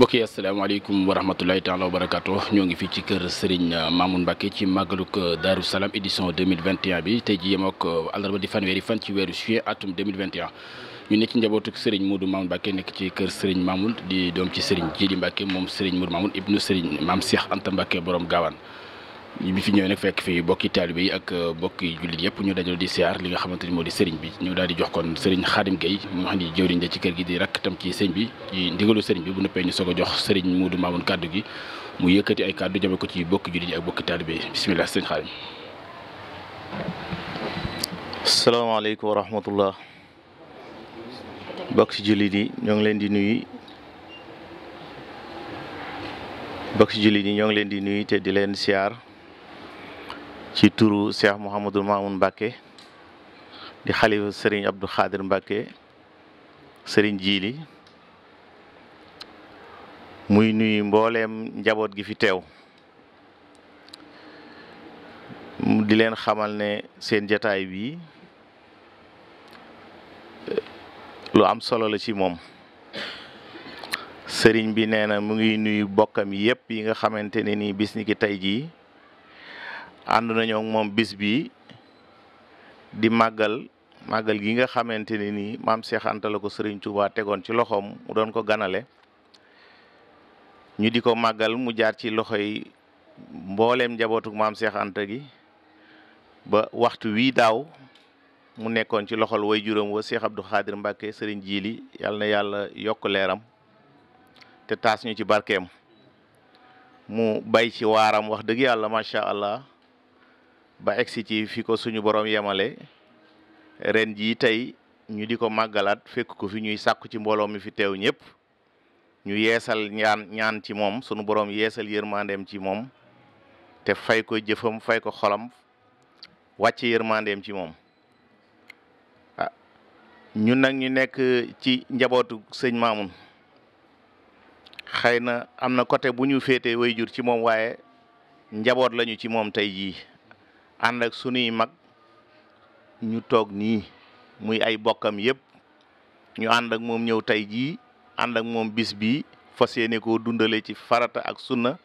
mbokk yi asalaamaaleykum wa rahmatulahi taala wa barakaatu ñoo ngi fii ci kër Serigne Mamoun Mbacke ci màggalug Daaru Salaam édition 2021 bi tey ji yem ak àllarba di fanweeri fan ci weeru juin atum 2021 ñu nekk ci njabootuk Serigne Modou Mamoun Mbacke nekk ci kër Serigne maamul di doom ci Serigne Djili Mbacke moom Serigne Modou Mamoun ibnu Serigne Maam Cheikh Anta Mbacke borom gaawaan bi fi ñëwee nag fekk fi bokki taalibe yi ak euh, bokki jullit yëpp ñu dajal di siyaar li nga xamante ni moo di sëriñ bi ñu daal jox kon sëriñ Xaadim Gueye mu nga xam ni jëwriñ la ci kër gi di rakk tam ci sëñ bi ci ndigalu sëriñ bi bu noppee ñu soog a jox sëriñ Muudu Maamun kàddu gi mu yëkkati ay kàddu jame ko ci bokki jullit yi ak bokki taalibe yi bisimilah sëriñ Xaadim salaamaaleykum wa rahmatullah bokk ci jullit yi ñoo ngi leen di nuyu bokk ci yi ñoo ngi leen di nuyu te di leen siyaar ci turu Cheikh Mouhamadul Mamoun Mbacke di xalifa Serigne Abdou Khadir Mbacke Serigne Jiili muy nuyu mbooleem njaboot gi fi teew di leen xamal ne seen jataay wii lu am solo la ci moom sëriñ bi nee na mu ngi nuyu bokkam yépp yi nga xamante ne nii bis tey jii ànd nañoo moom bis bi di màggal màggal gi nga xamante ne nii maam Cheikh Anta la ko Serigne tegoon ci loxoom mu doon ko ganale ñu di ko màggal mu jaar ci loxo yi mbooleem njabootuk maam Cheikh Anta gi ba waxtu wii daaw mu nekkoon ci loxol way juróom wa Cheikh Abdou Khadir Mbacke Serigne Jili yàlla na yàlla yokk leeram te taas ñu ci barkeem mu bay ci waaram wax dëgg yàlla macha allah. ba egsi ci fi ko suñu borom yemale ren jii tey ñu di ko màggalaat fekk ko fi ñuy sàkku ci mbooloo mi fi teew ñëpp ñu yeesal ñaan ci moom sunu borom yeesal yërmandeem ci moom te fay ko jëfam fay ko xolam wàcc yërmandeem ci moom ah ñun nag ñu nekk ci njabootu sëñ Maamun xëy na am na côté bu ñu féetee way jur ci moom waaye njaboot lañu ci moom tey jii ànd ak sunuy mag ñu toog nii muy ay bokkam yépp ñu ànd ak moom ñëw tey jii ànd ak moom bis bii fas yéene koo dundale ci farata ak sunna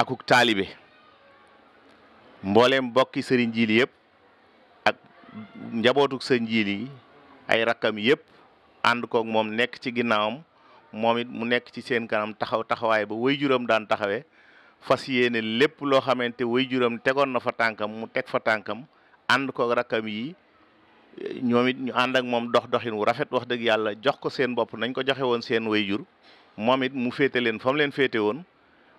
akuk taalibe mbooleem bokki sëriñ jiili yëpp ak njabootuk sëriñ jiili yi ay rakkam yépp ànd koog moom nekk ci ginnaawam moom it mu nekk ci seen kanam taxaw taxawaay ba waajuram daan taxawee fas yéene lépp loo xamante waajuram tegoon na fa tànkam mu teg fa tànkam ànd ko rakkam yi ñoom it ñu ànd ak moom dox doxin wu rafet wax dëgg yàlla jox ko seen bopp nañ ko joxe woon seen waajur moom it mu féete leen fa leen féete woon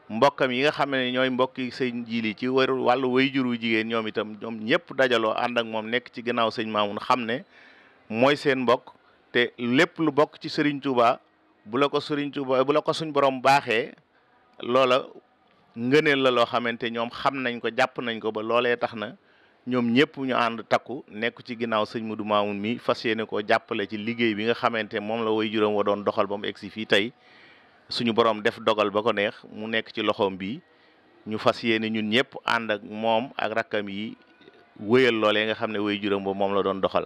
mbokkam yi nga xam ne ñooy mbokki sëñ jiili ci wàllu waajur wu jigéen ñoom itam ñoom ñëpp dajaloo ànd ak moom nekk ci ginnaaw sëñ Maamun xam ne mooy seen mbokk te lépp lu bokk ci Serigne Touba bu la ko Serigne Touba bu la ko suñ borom baaxee loola ngëneel la loo xamante ñoom xam nañ ko jàpp nañ ko ba loolee tax na ñoom ñëpp ñu ànd takku nekk ci ginnaaw sëñ Modou Mamoun mi fas yéene koo jàppale ci liggéey bi nga xamante moom la way juróom wa doon doxal ba mu egsi fii tey suñu borom def dogal ba ko neex mu nekk ci loxoom bi ñu fas yéene ñun ñëpp ànd ak moom ak rakkam yi wéyal loolee nga xam ne way juróom ba moom la doon doxal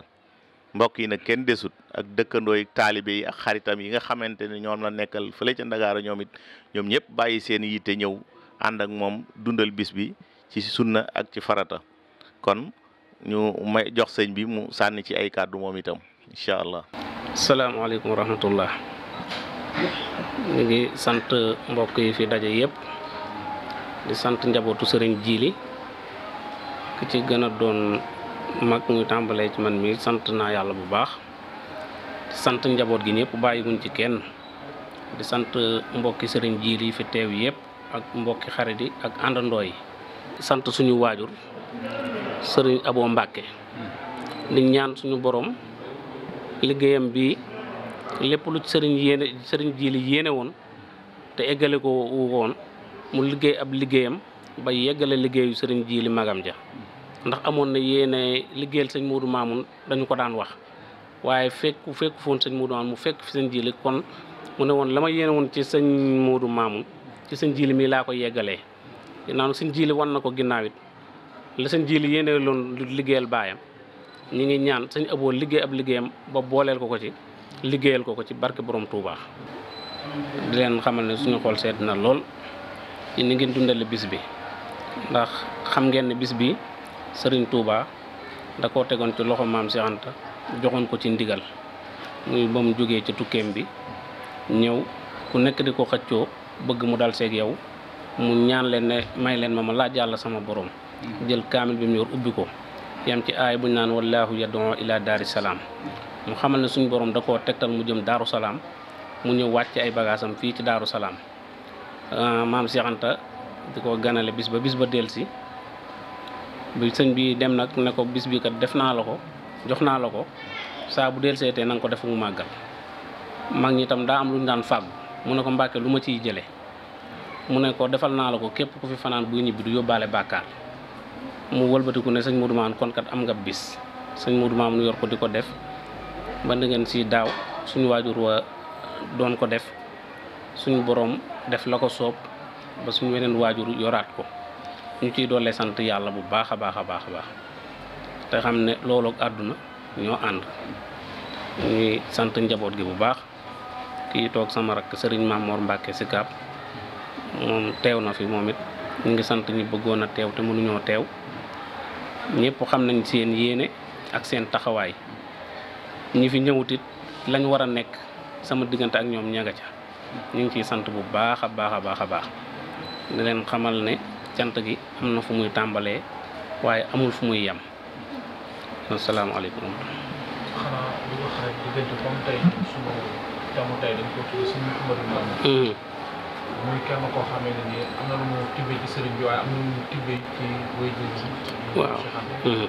mbokk yi nag kenn desut ak dëkkandoo yi taalibe yi ak xaritam yi nga xamante ne ñoom la nekkal fële ca Ndakaaru ñoom it ñoom ñëpp bàyyi seen yitte ñëw ànd ak moom dundal bis bi ci sunna ak ci farata kon ñu may jox sëñ bi mu sànni ci ay kàddu moom itam incha allah. salaamaaleykum wa rahmatullah ngi sant mbokk yi fi daje yépp di sant njabootu sëriñ Jili ki ci gën a doon mag ñu tàmbalee ci man mi sant naa yàlla bu baax di sant njaboot gi ñëpp bàyyiwuñ ci kenn di sant mbokki sëriñ Jili fi teew yépp ak mbokki xarit yi ak àndandoo yi sant suñu waajur sëriñ aboo Mbàkke di ñaan suñu boroom liggéeyam bi lépp lu sëriñ yéene sëriñ Jili yéene woon te eggale ko woon mu liggéey ab liggéeyam ba yeggale liggéeyu sëriñ Jili magam ja ndax amoon na yéene liggéeyal sëñ moodu Mamoun dañu ko daan wax waaye fekku fekku foon sëñ Modou Mamoun mu fekk fi sëñ Jili kon mu ne woon la yéene woon ci sëñ Modou Mamoun ci sëñ jiili mii laa ko yeggalee ginnaaw nag sëñ jiili na ko ginnaaw it la sëñ jiili yéene loon liggéeyal baayam ñu ngi ñaan sëñ aboo liggéey ab liggéeyam ba booleel ko ko ci liggéeyal ko ko ci barke boroom Touba. di leen xamal ne suñu xool seet na lool ci ni ngeen dundale bis bi ndax xam ngeen ne bis bi sëriñ Touba nda koo tegoon ci loxo maam Cheikh joxoon ko ci ndigal muy ba mu jógee ci tukkeem bi ñëw ku nekk di ko xëccoo. bëgg mu dal seeg yow mu ñaan leen ne may leen ma ma laaj jàll sama boroom mm-hmm. jël kaamil bi mu yor ubbi ko yam ci aay bu ñu naan wallaahu yadoo ila daari salaam mu xamal ne suñu borom da koo tegtal mu jëm daaru salaam mu ñëw wàcc ay bagaasam fii ci daaru salaam ah, maam Cheikh Anta di ko ganale bis ba bis ba delsi bu sëñ bi dem nag ne ko bis bi kat def naa la ko jox naa la ko saa bu delseetee na nga ko def mu màggal mag ñi tam daa am lu ñu daan fàggu mu ne ko mbàkke lu ma ciy jëlee mu ne ko defal naa la ko képp ku fi fanaan buy ñibbi du yóbbaale bàkkaar mu walbatiku ne sëñ Modou Mamoune kon kat am nga bis sëñ Modou Mamoune yor ko di ko def ba ngeen si daaw suñu waajur wa doon ko def suñu boroom def la ko soob ba suñu weneen waajur yoraat ko ñu ciy doole sant yàlla bu baax a baax a baax a baax te xam ne loolu àdduna ñoo ànd ñuy sant njaboot gi bu baax kii toog sama rakk sëriñ Mamoor Mbàkke si Kaab moom teew na fi moom it ñu ngi sant ñi bëggoon a teew te mënuñoo teew ñëpp xam nañ seen yéene ak seen taxawaay ñi fi ñëwutit it lañ war a nekk sama diggante ak ñoom ña ca ñu ngi ciy sant bu baax a baax a baax a baax di leen xamal ne cant gi am na fu muy tàmbalee waaye amul fu muy yem asalaamaaleykum gàmmu hmm. hmm.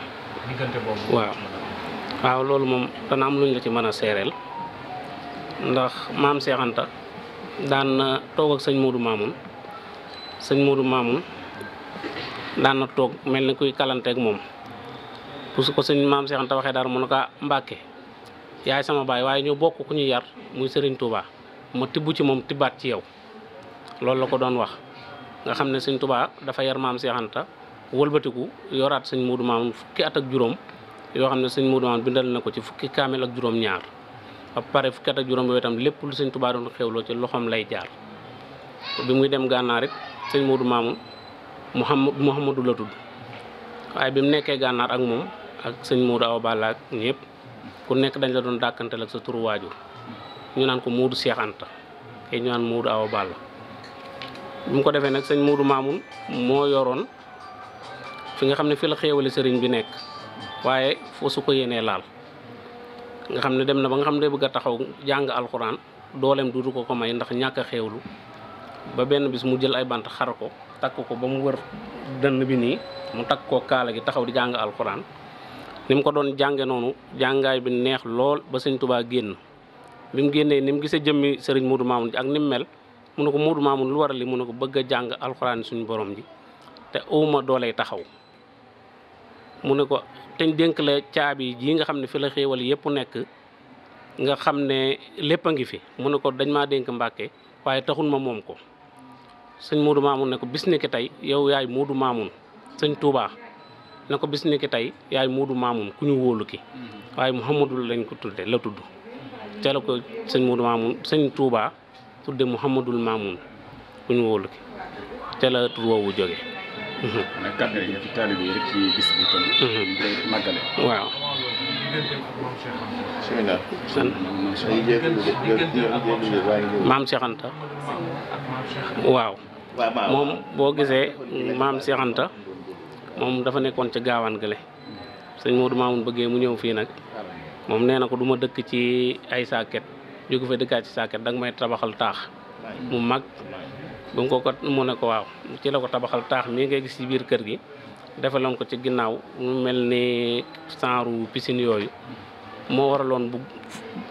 waaw waaw loolu moom dana am luñ la ci mën a seereel ndax maam Seex Anta daan na toog ak sëñ Moodu Maamun sëñ Moodu Maamun daan na toog mel ni kuy kalanteeg moom bu su ko sëñ maam seexanta Anta waxee dara mu ne ko ah, Mbàkke yaay sama baay waaye ñoo bokk ku ñu yar muy Serigne Touba ma tibb ci moom tibbaat ci yow loolu la ko doon wax nga xam ne Serigne Touba dafa yar maam Cheikh Anta wëlbatiku yoraat sëñ Modou Mamoun juróom yoo xam ne sëñ Modou Mamoun bindal na ko ci fukki kaamel ak juróom ñaar ba pare fukki at ak juróom yooyu itam lépp lu sëñ Touba doon xewloo ci loxoom lay jaar bi muy dem gànnaar it sëñ Modou Mamoun Mouhamad Mouhamadou la tudd waaye bi mu nekkee gànnaar ak moom ak sëñ Modou Awa Balla ak ku nekk dañu la doon dàkkantal ak sa turu waajur ñu naan ko Moodu Cheikh Anta kay ñu naan Moodu Awa Balla mu ko defee nag sëñ Moodu Maamun moo yoroon fi nga xam ne fi la xéewale sëriñ bi nekk waaye foo su ko yéenee laal nga xam ne dem na ba nga xam ne bëgg a taxaw jàng alxuraan dooleem duutu ko ko may ndax ñàkk a ba benn bis mu jël ay bant xar ko takk ko ba mu wër dënn bi nii mu takk koo kaala gi taxaw di jàng alxuraan ni mu ko doon jànge noonu jàngaay bi neex lool ba sëñ Tuubaa génn bi mu génnee ni mu gisee jëmmi sëriñ Muudu Maamun ji ak ni mu mel mu ne ko Muudu Maamun lu waral li mu ne ko bëgg a jàng alxuraan suñu borom ji te awma dooley taxaw mu ne ko teñ dénk la caabi jii nga xam ne fi la xéewal yëpp nekk nga xam ne lépp a ngi fi mu ne ko dañ maa dénk Mbàkke waaye taxul ma moom ko sëñ Muudu Maamun ne ko bis ni tey yow yaay Muudu Maamun sëñ Tuubaa na ko bis ni ki yaay Moodu Maamun ku ñu wóolu ki mm-hmm. waaye Muhammadul lañ ko tudde la tudd ca la ko sëñ Moodu Maamun sëñ Touba tudde Muhammadul Maamun ku ñu wóolu ki ca la tur woowu jóge mm-hmm. maam Cheikh waaw moom boo gisee maam Cheikh moom dafa nekkoon ca gaawaan gële sëñ Modou Mamoun bëggee mu ñëw fii nag moom nee na ko du ma dëkk ci ay sàkket jóge fa dëkkaat ci sàkket danga may tabaxal taax mu mag bu mu ko ko mu ne ko waaw ci la ko tabaxal taax mii ngay gis ci biir kër gi defaloon ko ci ginnaaw mu mel ni sanru piscine yooyu moo waraloon bu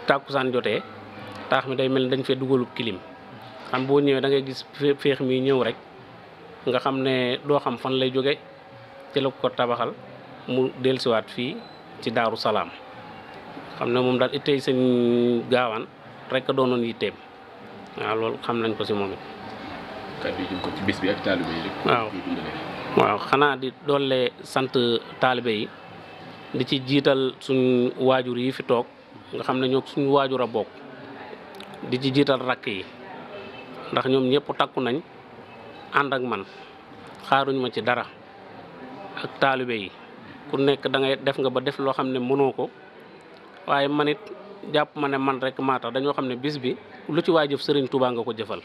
tàkkusaan jotee taax mi day mel ni dañ fee dugalub kilim xam boo ñëwee da ngay gis féex mi ñëw rek nga xam ne doo xam fan lay jóge ci la ko tabaxal mu dellusiwaat fii ci Daaru Salaam xam ne moom daal ittey sëñ gaawaan rek a doonoon yitteem waaw loolu xam nañ ko si moom it. kàddu yi jëm waaw xanaa di doole sant taalibe yi di ci jiital suñ waajur yi fi toog nga xam ne ñoo suñ waajur a bokk di ci jiital rakk yi ndax ñoom ñëpp takku nañ ànd ak man xaaruñ ma ci dara. ak taalibe yi ku nekk da def nga ba def loo xam ne mënoo ko waaye man it jàpp ma ne man rekk maa dañoo xam ne bis bi lu ci waa jëf sëriñ Touba nga ko jëfal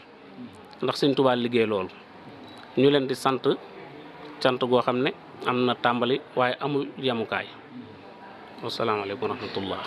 ndax sëriñ Touba liggéey loolu ñu leen di sant sant goo xam ne am na tàmbali waaye amul yemukaay wasalaamaaleykum wa rahmatullah